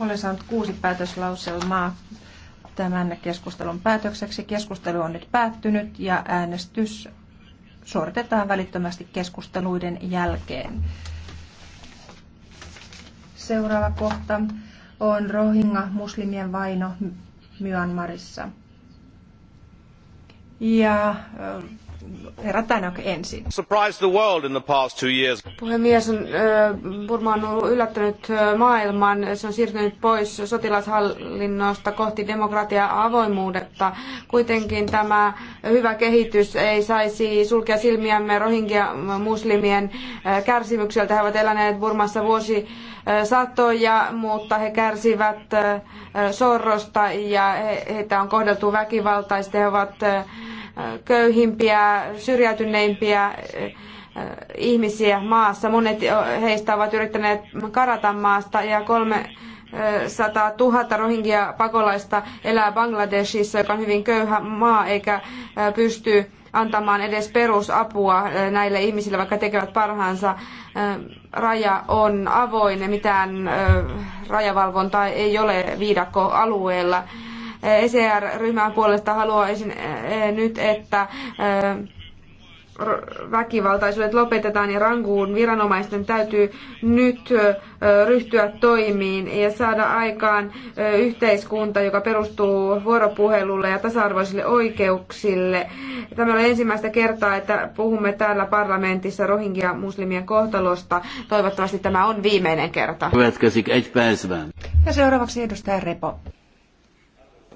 Olen saanut kuusi päätöslauselmaa tämän keskustelun päätökseksi. Keskustelu on nyt päättynyt ja äänestys suoritetaan välittömästi keskusteluiden jälkeen. Seuraava kohta on Rohingya muslimien vaino Myanmarissa ja herra Tanak ensin. Puhemies, on, Burma on ollut yllättänyt maailman. Se on siirtynyt pois sotilashallinnosta kohti demokratiaa ja avoimuudetta. Kuitenkin tämä hyvä kehitys ei saisi sulkea silmiämme rohingia muslimien kärsimyksiltä. He ovat eläneet Burmassa vuosi satoja, mutta he kärsivät sorrosta ja heitä on kohdeltu väkivaltaisesti. He ovat köyhimpiä, syrjäytyneimpiä eh, eh, ihmisiä maassa. Monet heistä ovat yrittäneet karata maasta ja kolme 000 eh, rohingia pakolaista elää Bangladeshissa, joka on hyvin köyhä maa eikä pysty antamaan edes perusapua näille ihmisille, vaikka tekevät parhaansa. Raja on avoin, mitään rajavalvontaa ei ole viidakkoalueella. alueella ECR-ryhmän puolesta haluaisin e, e, nyt, että e, väkivaltaisuudet lopetetaan ja rankuun viranomaisten täytyy nyt ryhtyä toimiin ja saada aikaan yhteiskunta, joka perustuu vuoropuhelulle ja tasa-arvoisille oikeuksille. Tämä on ensimmäistä kertaa, että puhumme täällä parlamentissa rohingia muslimien kohtalosta. Toivottavasti tämä on viimeinen kerta. Ja seuraavaksi edustaja Repo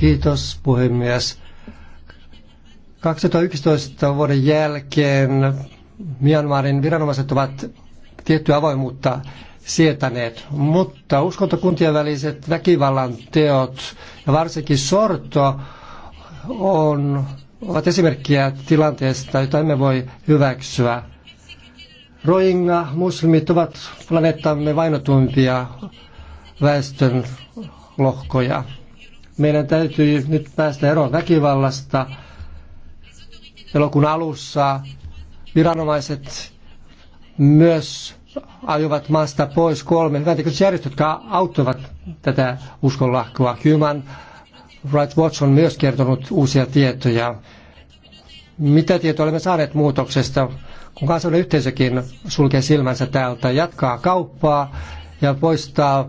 Kiitos puhemies. 2011 vuoden jälkeen Myanmarin viranomaiset ovat tiettyä avoimuutta sietäneet, mutta uskontokuntien väliset väkivallan teot ja varsinkin sorto on, ovat esimerkkejä tilanteesta, jota emme voi hyväksyä. Rohingya muslimit ovat planeettamme vainotuimpia väestön lohkoja. Meidän täytyy nyt päästä eroon väkivallasta. Elokuun alussa viranomaiset myös ajuvat maasta pois kolme hyväntekoiset järjestöt, jotka auttavat tätä uskonlahkoa. Human Rights Watch on myös kertonut uusia tietoja. Mitä tietoa olemme saaneet muutoksesta, kun kansainvälinen yhteisökin sulkee silmänsä täältä, jatkaa kauppaa ja poistaa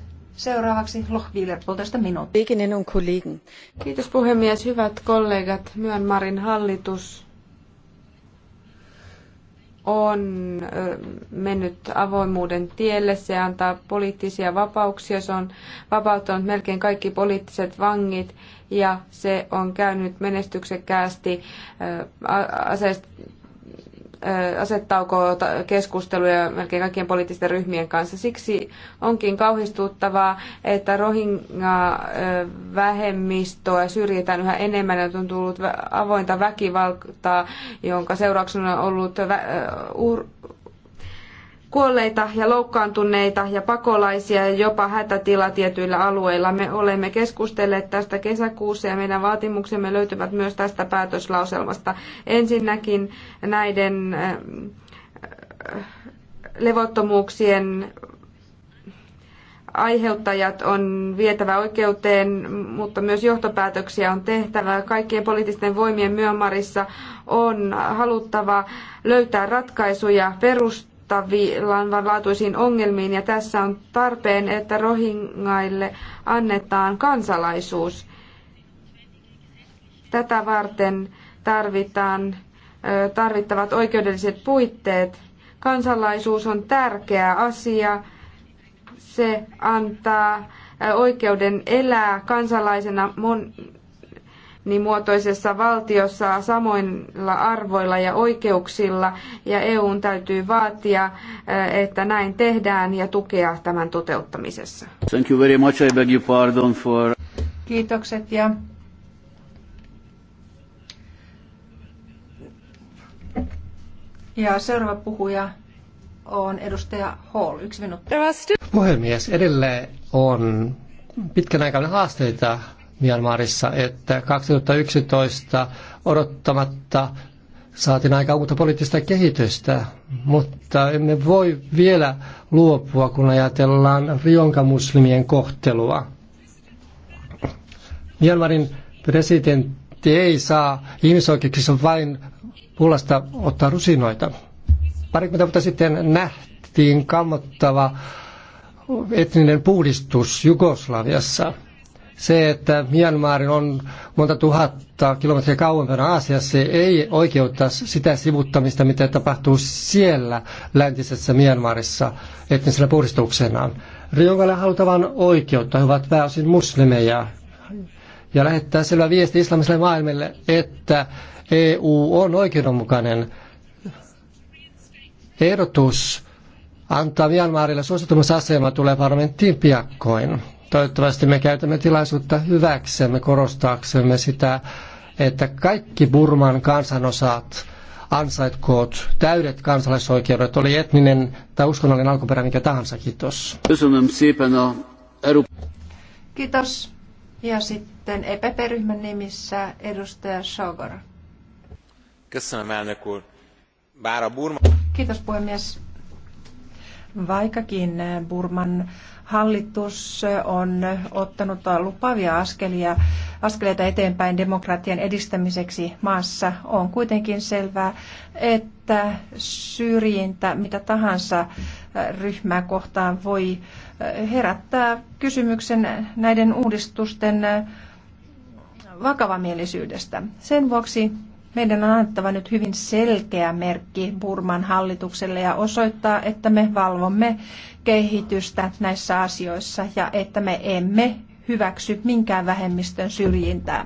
Seuraavaksi Lohbiiler, puolitoista minuuttia. Kiitos puhemies, hyvät kollegat. Myönmarin hallitus on mennyt avoimuuden tielle. Se antaa poliittisia vapauksia. Se on vapauttanut melkein kaikki poliittiset vangit ja se on käynyt menestyksekkäästi aseista asettauko keskusteluja melkein kaikkien poliittisten ryhmien kanssa. Siksi onkin kauhistuttavaa, että Rohingya-vähemmistöä syrjitään yhä enemmän ja on tullut avointa väkivaltaa, jonka seurauksena on ollut kuolleita ja loukkaantuneita ja pakolaisia ja jopa hätätila tietyillä alueilla. Me olemme keskustelleet tästä kesäkuussa ja meidän vaatimuksemme löytyvät myös tästä päätöslauselmasta. Ensinnäkin näiden äh, levottomuuksien aiheuttajat on vietävä oikeuteen, mutta myös johtopäätöksiä on tehtävä. Kaikkien poliittisten voimien Myanmarissa on haluttava löytää ratkaisuja perust vaikuttavillaan laatuisiin ongelmiin ja tässä on tarpeen, että rohingaille annetaan kansalaisuus. Tätä varten tarvitaan tarvittavat oikeudelliset puitteet. Kansalaisuus on tärkeä asia. Se antaa oikeuden elää kansalaisena mon- niin muotoisessa valtiossa samoilla arvoilla ja oikeuksilla ja EUn täytyy vaatia, eh, että näin tehdään ja tukea tämän toteuttamisessa. Thank you very much. I beg you pardon for... Kiitokset ja Ja seuraava puhuja on edustaja Hall. Yksi minuutti. Puhemies, edelleen on pitkän aikana haasteita Myanmarissa, että 2011 odottamatta saatiin aika uutta poliittista kehitystä, mutta emme voi vielä luopua, kun ajatellaan muslimien kohtelua. Myanmarin presidentti ei saa ihmisoikeuksissa vain pullasta ottaa rusinoita. Parikymmentä vuotta sitten nähtiin kammottava etninen puhdistus Jugoslaviassa – se, että Myanmarin on monta tuhatta kilometriä kauempana Aasiassa, ei oikeuta sitä sivuttamista, mitä tapahtuu siellä läntisessä Myanmarissa etnisenä puhdistuksenaan. Riongalle halutaan oikeutta, he ovat pääosin muslimeja, ja lähettää selvä viesti islamiselle maailmalle, että EU on oikeudenmukainen ehdotus antaa Myanmarille suosittumassa asema tulee parlamenttiin piakkoin. Toivottavasti me käytämme tilaisuutta hyväksemme korostaaksemme sitä, että kaikki Burman kansanosat ansaitkoot täydet kansalaisoikeudet, oli etninen tai uskonnollinen alkuperä mikä tahansa. Kiitos. Kiitos. Ja sitten EPP-ryhmän nimissä edustaja Sogor. Kiitos puhemies. Vaikkakin Burman hallitus on ottanut lupavia askelia, askeleita eteenpäin demokratian edistämiseksi maassa, on kuitenkin selvää, että syrjintä mitä tahansa ryhmää kohtaan voi herättää kysymyksen näiden uudistusten vakavamielisyydestä. Sen vuoksi meidän on annettava nyt hyvin selkeä merkki Burman hallitukselle ja osoittaa, että me valvomme kehitystä näissä asioissa ja että me emme hyväksy minkään vähemmistön syrjintää.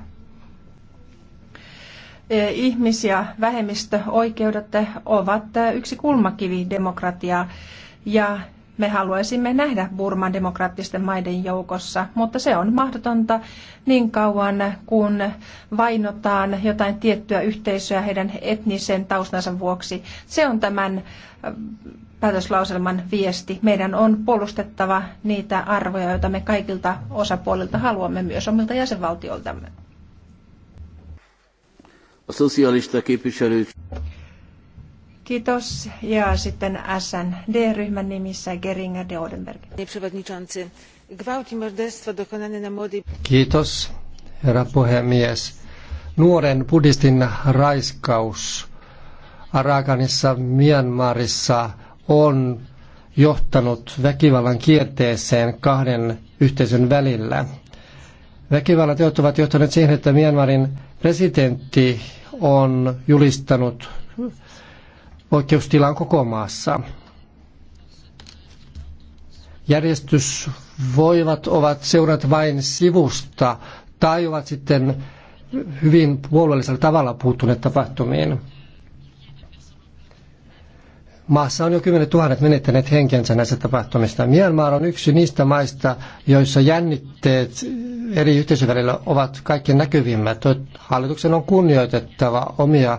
E, ihmis- ja vähemmistöoikeudet ovat yksi kulmakivi demokratiaa ja me haluaisimme nähdä Burman demokraattisten maiden joukossa, mutta se on mahdotonta niin kauan, kun vainotaan jotain tiettyä yhteisöä heidän etnisen taustansa vuoksi. Se on tämän päätöslauselman viesti. Meidän on puolustettava niitä arvoja, joita me kaikilta osapuolilta haluamme myös omilta jäsenvaltioiltamme. A szocialista Kiitos. Ja sitten SND-ryhmän nimissä Geringer de Odenberg. Kiitos, herra puhemies. Nuoren buddhistin raiskaus Arakanissa, Myanmarissa on johtanut väkivallan kierteeseen kahden yhteisön välillä. Väkivallat ovat johtaneet siihen, että Myanmarin presidentti on julistanut on koko maassa. Järjestysvoivat ovat seurat vain sivusta tai ovat sitten hyvin puolueellisella tavalla puuttuneet tapahtumiin. Maassa on jo kymmenet tuhannet menettäneet henkensä näistä tapahtumista. Myanmar on yksi niistä maista, joissa jännitteet eri yhteisöverillä ovat kaikkein näkyvimmät. Hallituksen on kunnioitettava omia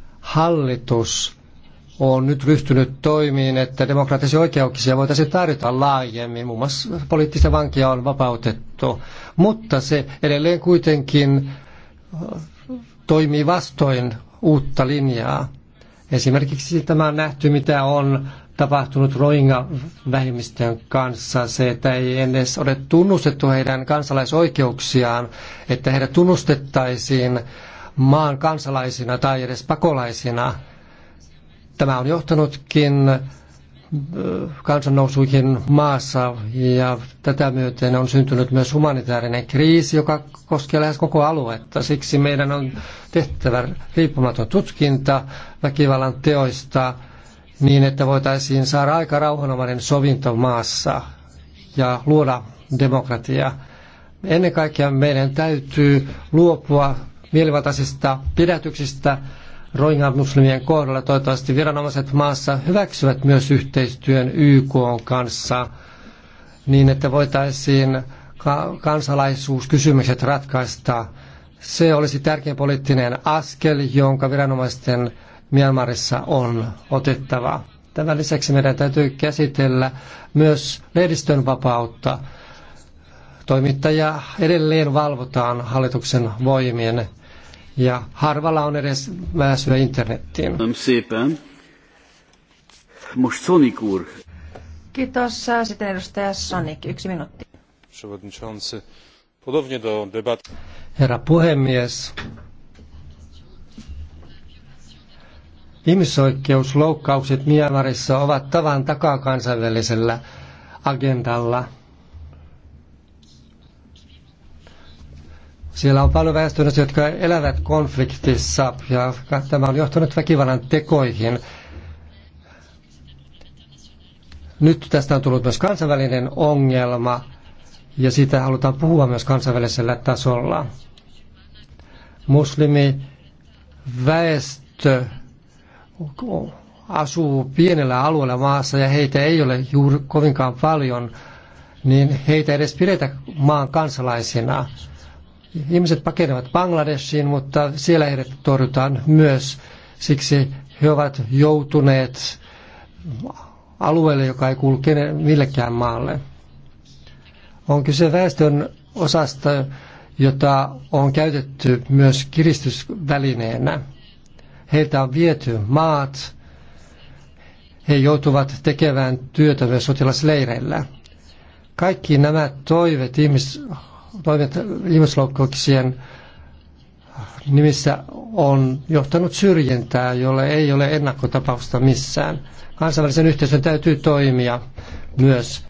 hallitus on nyt ryhtynyt toimiin, että demokraattisia oikeuksia voitaisiin tarjota laajemmin. Muun muassa poliittista vankia on vapautettu, mutta se edelleen kuitenkin äh, toimii vastoin uutta linjaa. Esimerkiksi tämä on nähty, mitä on tapahtunut Rohingya-vähemmistön kanssa, se, että ei edes ole tunnustettu heidän kansalaisoikeuksiaan, että heidät tunnustettaisiin maan kansalaisina tai edes pakolaisina. Tämä on johtanutkin kansannousuihin maassa ja tätä myöten on syntynyt myös humanitaarinen kriisi, joka koskee lähes koko aluetta. Siksi meidän on tehtävä riippumaton tutkinta väkivallan teoista niin, että voitaisiin saada aika rauhanomainen sovinto maassa ja luoda demokratia. Ennen kaikkea meidän täytyy luopua mielivaltaisista pidätyksistä Rohingya muslimien kohdalla. Toivottavasti viranomaiset maassa hyväksyvät myös yhteistyön YK kanssa niin, että voitaisiin kansalaisuuskysymykset ratkaista. Se olisi tärkein poliittinen askel, jonka viranomaisten Myanmarissa on otettava. Tämän lisäksi meidän täytyy käsitellä myös lehdistön vapautta. Toimittajaa edelleen valvotaan hallituksen voimien ja harvalla on edes pääsyä internettiin. Kiitos. Äh, sitten edustaja Sonic, yksi minuutti. Herra puhemies, ihmisoikeusloukkaukset Myanmarissa ovat tavan takaa kansainvälisellä agendalla – Siellä on paljon väestönosia, jotka elävät konfliktissa ja tämä on johtanut väkivallan tekoihin. Nyt tästä on tullut myös kansainvälinen ongelma ja siitä halutaan puhua myös kansainvälisellä tasolla. Muslimi väestö asuu pienellä alueella maassa ja heitä ei ole juuri kovinkaan paljon, niin heitä edes pidetä maan kansalaisina Ihmiset pakenevat Bangladeshiin, mutta siellä heidät torjutaan myös. Siksi he ovat joutuneet alueelle, joka ei kuulu millekään maalle. On kyse väestön osasta, jota on käytetty myös kiristysvälineenä. Heiltä on viety maat, he joutuvat tekemään työtä myös sotilasleireillä. Kaikki nämä toivet ihmis toimet ihmisoikeuksien nimissä on johtanut syrjintää, jolle ei ole ennakkotapausta missään. Kansainvälisen yhteisön täytyy toimia myös.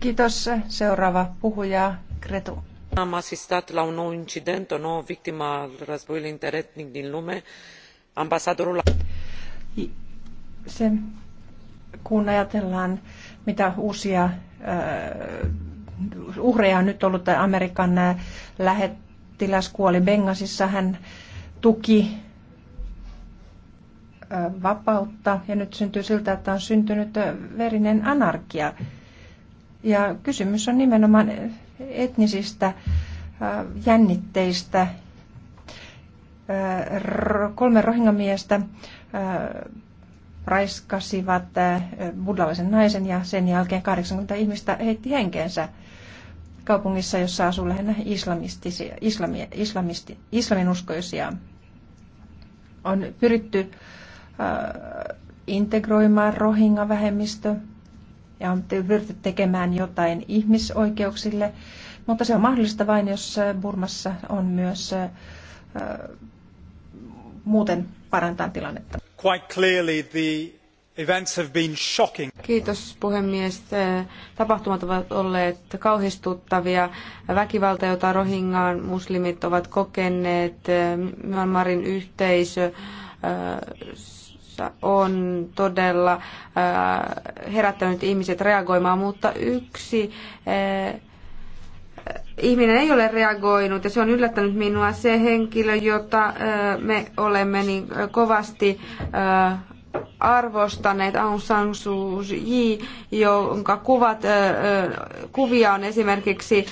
Kiitos. Seuraava puhuja, Kretu. Am asistat la un nou incident, o nouă victimă a războiului interetnic din lume. Ambasadorul... Se kun ajatellaan, mitä uusia äh, uhreja on nyt ollut, Amerikan äh, lähettiläs kuoli Bengasissa, hän tuki äh, vapautta ja nyt syntyy siltä, että on syntynyt verinen anarkia. Ja kysymys on nimenomaan etnisistä jännitteistä. Kolme rohingamiestä raiskasivat äh, buddhalaisen naisen ja sen jälkeen 80 ihmistä heitti henkeensä kaupungissa, jossa asuu lähinnä islamisti, islaminuskoisia. On pyritty äh, integroimaan rohinga-vähemmistö ja on pyritty tekemään jotain ihmisoikeuksille, mutta se on mahdollista vain, jos äh, Burmassa on myös äh, äh muuten parantaa tilannetta. Quite clearly the events have been shocking. Kiitos puhemies. Tapahtumat ovat olleet kauhistuttavia. Väkivalta, jota Rohingaan muslimit ovat kokeneet, Myanmarin yhteisö äh, on todella äh, herättänyt ihmiset reagoimaan, mutta yksi äh, ihminen ei ole reagoinut ja se on yllättänyt minua se henkilö, jota me olemme niin kovasti arvostaneet Aung San Suu Kyi, jonka kuvat, kuvia on esimerkiksi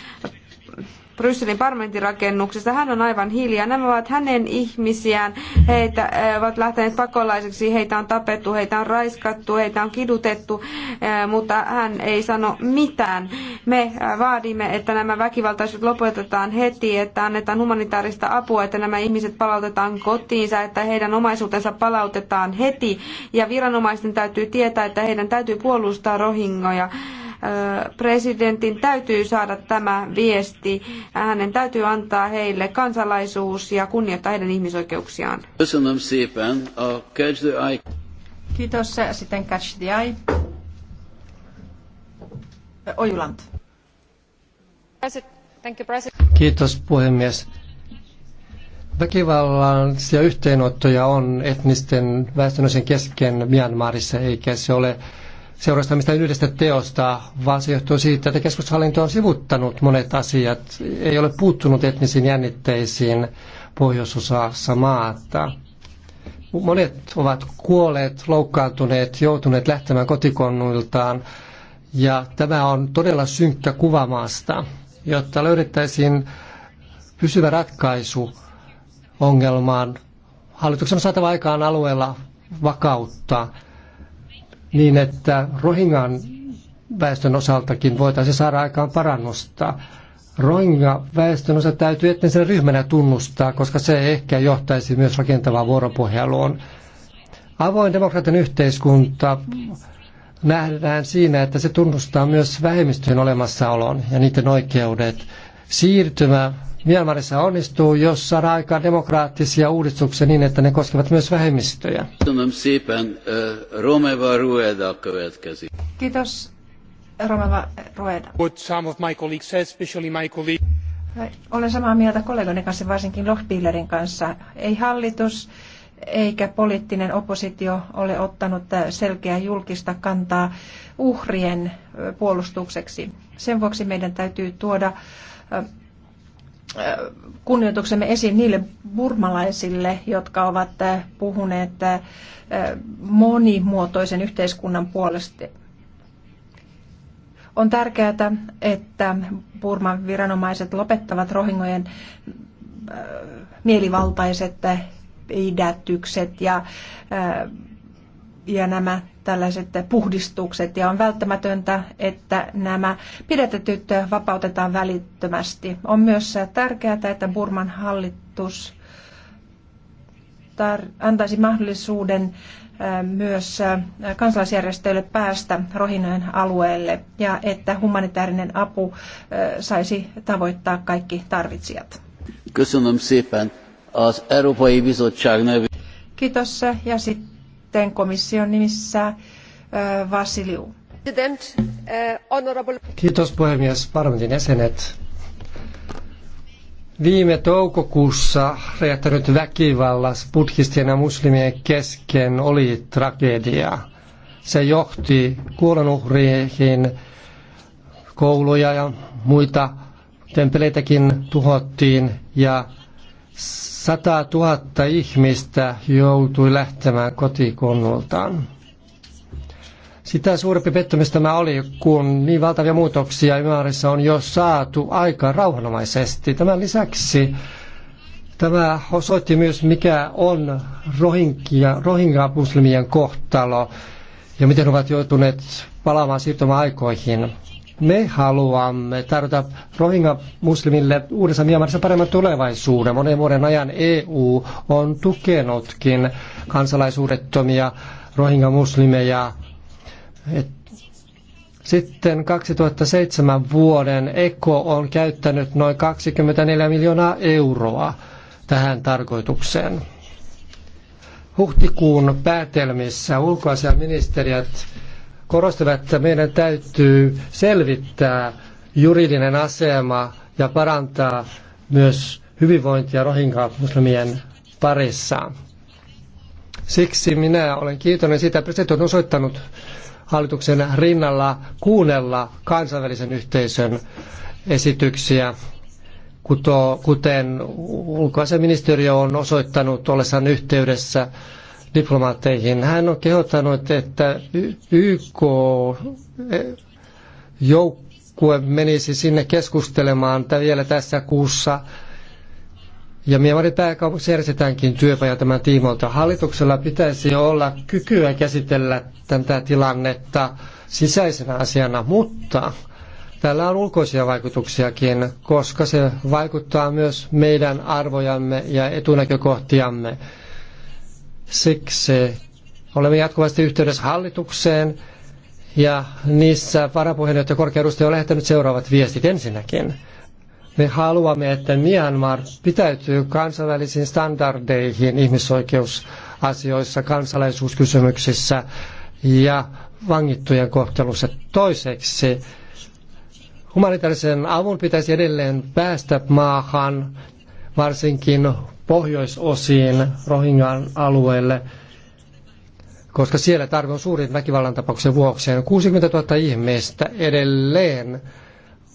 Brysselin parlamentin rakennuksesta. Hän on aivan hiljaa. Nämä ovat hänen ihmisiään. Heitä ovat lähteneet pakolaisiksi. Heitä on tapettu, heitä on raiskattu, heitä on kidutettu, mutta hän ei sano mitään. Me vaadimme, että nämä väkivaltaiset lopetetaan heti, että annetaan humanitaarista apua, että nämä ihmiset palautetaan kotiinsa, että heidän omaisuutensa palautetaan heti. Ja viranomaisten täytyy tietää, että heidän täytyy puolustaa rohingoja. Presidentin täytyy saada tämä viesti. Hänen täytyy antaa heille kansalaisuus ja kunnioittaa heidän ihmisoikeuksiaan. Kiitos. Sitten Catch the Eye. Ojuland. Kiitos puhemies. Väkivallansia yhteenottoja on etnisten väestönosien kesken Myanmarissa, eikä se ole seurastamista yhdestä teosta, vaan se johtuu siitä, että keskushallinto on sivuttanut monet asiat, ei ole puuttunut etnisiin jännitteisiin pohjoisosassa maata. Monet ovat kuolleet, loukkaantuneet, joutuneet lähtemään kotikonnuiltaan, ja tämä on todella synkkä kuva maasta. Jotta löydettäisiin pysyvä ratkaisu ongelmaan, hallituksen on saatava aikaan alueella vakautta, niin, että Rohingan väestön osaltakin voitaisiin saada aikaan parannusta. Rohingan väestön osa täytyy etnisenä ryhmänä tunnustaa, koska se ehkä johtaisi myös rakentavaan vuoropuheluun. Avoin demokratian yhteiskunta nähdään siinä, että se tunnustaa myös vähemmistöjen olemassaolon ja niiden oikeudet. Siirtymä Myanmarissa onnistuu, jos saadaan aikaan demokraattisia uudistuksia niin, että ne koskevat myös vähemmistöjä. Kiitos. Romeva Rueda. What some of my colleagues said, especially my colleague. Olen samaa mieltä kollegoiden kanssa, varsinkin Lochbillerin kanssa. Ei hallitus eikä poliittinen oppositio ole ottanut selkeää julkista kantaa uhrien puolustukseksi. Sen vuoksi meidän täytyy tuoda kunnioituksemme esiin niille burmalaisille, jotka ovat äh, puhuneet äh, monimuotoisen yhteiskunnan puolesta. On tärkeää, että Burman viranomaiset lopettavat rohingojen äh, mielivaltaiset pidätykset ja ja nämä tällaiset puhdistukset. Ja on välttämätöntä, että nämä pidetetyt vapautetaan välittömästi. On myös tärkeää, että Burman hallitus antaisi mahdollisuuden myös kansalaisjärjestöille päästä Rohinojen alueelle ja että humanitaarinen apu saisi tavoittaa kaikki tarvitsijat. Kiitos ja sitten sitten komission nimissä Vasiliu. Kiitos puhemies, parlamentin jäsenet. Viime toukokuussa räjähtänyt väkivallas buddhistien ja muslimien kesken oli tragedia. Se johti kuolonuhriihin, kouluja ja muita temppeleitäkin tuhottiin ja 100 000 ihmistä joutui lähtemään kotikunnultaan. Sitä suurempi pettymys tämä oli, kun niin valtavia muutoksia Ymarissa on jo saatu aika rauhanomaisesti. Tämän lisäksi tämä osoitti myös, mikä on rohinkia, rohinga-muslimien kohtalo ja miten he ovat joutuneet palaamaan siirtymäaikoihin. aikoihin me haluamme tarjota rohinga muslimille uudessa Myanmarissa paremman tulevaisuuden. Monen vuoden ajan EU on tukenutkin kansalaisuudettomia rohinga muslimeja. Sitten 2007 vuoden ECO on käyttänyt noin 24 miljoonaa euroa tähän tarkoitukseen. Huhtikuun päätelmissä ulkoasiaministeriöt korostivat, että meidän täytyy selvittää juridinen asema ja parantaa myös hyvinvointia rohinkaa muslimien parissa. Siksi minä olen kiitollinen siitä, että presidentti on osoittanut hallituksen rinnalla kuunnella kansainvälisen yhteisön esityksiä, kuten ulkoasiaministeriö on osoittanut ollessaan yhteydessä diplomaatteihin. Hän on kehottanut, että YK e, joukkue menisi sinne keskustelemaan vielä tässä kuussa. Ja Miemarin pääkaupunki järjestetäänkin työpaja tämän tiimoilta. Hallituksella pitäisi olla kykyä käsitellä tätä tilannetta sisäisenä asiana, mutta tällä on ulkoisia vaikutuksiakin, koska se vaikuttaa myös meidän arvojamme ja etunäkökohtiamme. Siksi olemme jatkuvasti yhteydessä hallitukseen ja niissä varapuheenjohtaja korkeudustaja on lähettänyt seuraavat viestit ensinnäkin. Me haluamme, että Myanmar pitäytyy kansainvälisiin standardeihin ihmisoikeusasioissa, kansalaisuuskysymyksissä ja vangittujen kohtelussa. Toiseksi humanitaarisen avun pitäisi edelleen päästä maahan, varsinkin pohjoisosiin Rohingan alueelle, koska siellä tarve on suurin väkivallan tapauksen vuoksi. 60 000 ihmistä edelleen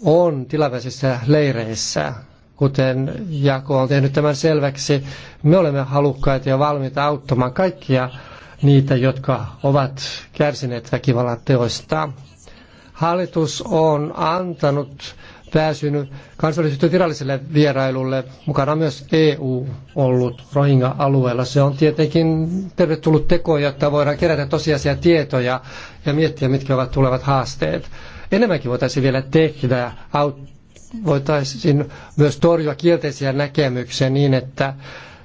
on tilaväisissä leireissä, kuten Jako on tehnyt tämän selväksi. Me olemme halukkaita ja valmiita auttamaan kaikkia niitä, jotka ovat kärsineet väkivallan teoista. Hallitus on antanut pääsyn kansallisyhtiön viralliselle vierailulle. Mukana on myös EU ollut Rohingya-alueella. Se on tietenkin tervetullut teko, jotta voidaan kerätä tosiasia tietoja ja miettiä, mitkä ovat tulevat haasteet. Enemmänkin voitaisiin vielä tehdä, voitaisiin myös torjua kielteisiä näkemyksiä niin, että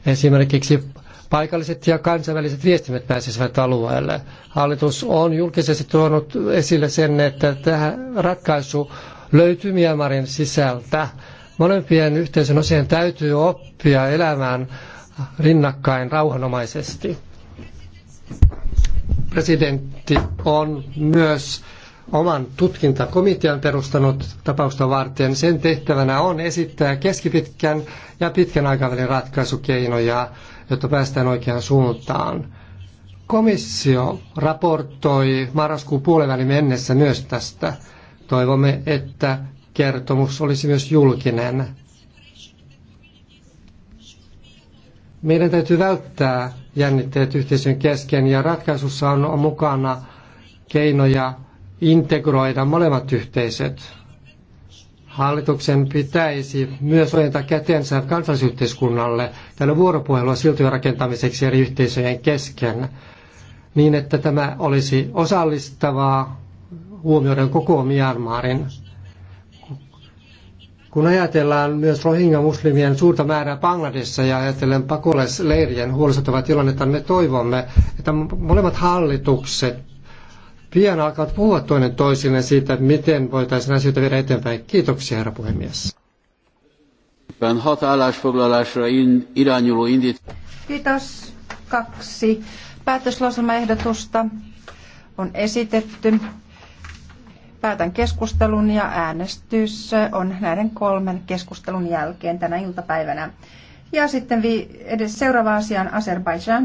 esimerkiksi paikalliset ja kansainväliset viestimet pääsisivät alueelle. Hallitus on julkisesti tuonut esille sen, että tähän ratkaisu löytyy Myanmarin sisältä. Molempien yhteisön osien täytyy oppia elämään rinnakkain rauhanomaisesti. Presidentti on myös oman tutkintakomitean perustanut tapausta varten. Sen tehtävänä on esittää keskipitkän ja pitkän aikavälin ratkaisukeinoja, jotta päästään oikeaan suuntaan. Komissio raportoi marraskuun puolivälin mennessä myös tästä Toivomme, että kertomus olisi myös julkinen. Meidän täytyy välttää jännitteet yhteisön kesken ja ratkaisussa on, mukana keinoja integroida molemmat yhteisöt. Hallituksen pitäisi myös ojentaa kätensä kansallisyhteiskunnalle tällä vuoropuhelua siltojen rakentamiseksi eri yhteisöjen kesken niin, että tämä olisi osallistavaa huomioiden koko Myanmarin. Kun ajatellaan myös Rohingya-muslimien suurta määrää Bangladessa ja ajatellen pakolaisleirien huolestuttavaa tilannetta, me toivomme, että molemmat hallitukset pian alkavat puhua toinen toisille siitä, miten voitaisiin asioita viedä eteenpäin. Kiitoksia, herra puhemies. Kiitos. Kaksi päätöslauselmaehdotusta on esitetty päätän keskustelun ja äänestys on näiden kolmen keskustelun jälkeen tänä iltapäivänä. Ja sitten vi- edes seuraava asia on Azerbaijan